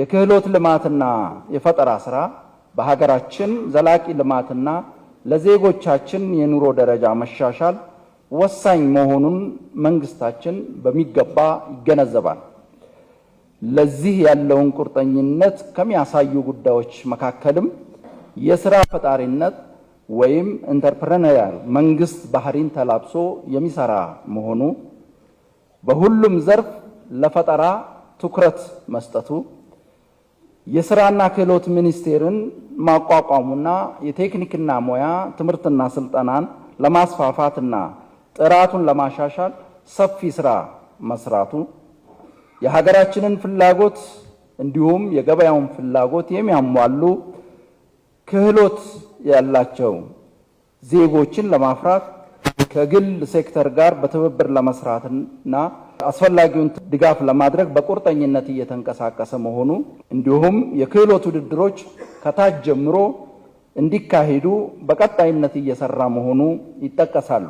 የክህሎት ልማትና የፈጠራ ስራ በሀገራችን ዘላቂ ልማትና ለዜጎቻችን የኑሮ ደረጃ መሻሻል ወሳኝ መሆኑን መንግስታችን በሚገባ ይገነዘባል። ለዚህ ያለውን ቁርጠኝነት ከሚያሳዩ ጉዳዮች መካከልም የስራ ፈጣሪነት ወይም ኢንተርፕረነሪያል መንግስት ባህሪን ተላብሶ የሚሰራ መሆኑ፣ በሁሉም ዘርፍ ለፈጠራ ትኩረት መስጠቱ የስራና ክህሎት ሚኒስቴርን ማቋቋሙና የቴክኒክና ሙያ ትምህርትና ስልጠናን ለማስፋፋትና ጥራቱን ለማሻሻል ሰፊ ስራ መስራቱ የሀገራችንን ፍላጎት እንዲሁም የገበያውን ፍላጎት የሚያሟሉ ክህሎት ያላቸው ዜጎችን ለማፍራት ከግል ሴክተር ጋር በትብብር ለመስራትና አስፈላጊውን ድጋፍ ለማድረግ በቁርጠኝነት እየተንቀሳቀሰ መሆኑ እንዲሁም የክህሎት ውድድሮች ከታች ጀምሮ እንዲካሄዱ በቀጣይነት እየሰራ መሆኑ ይጠቀሳሉ።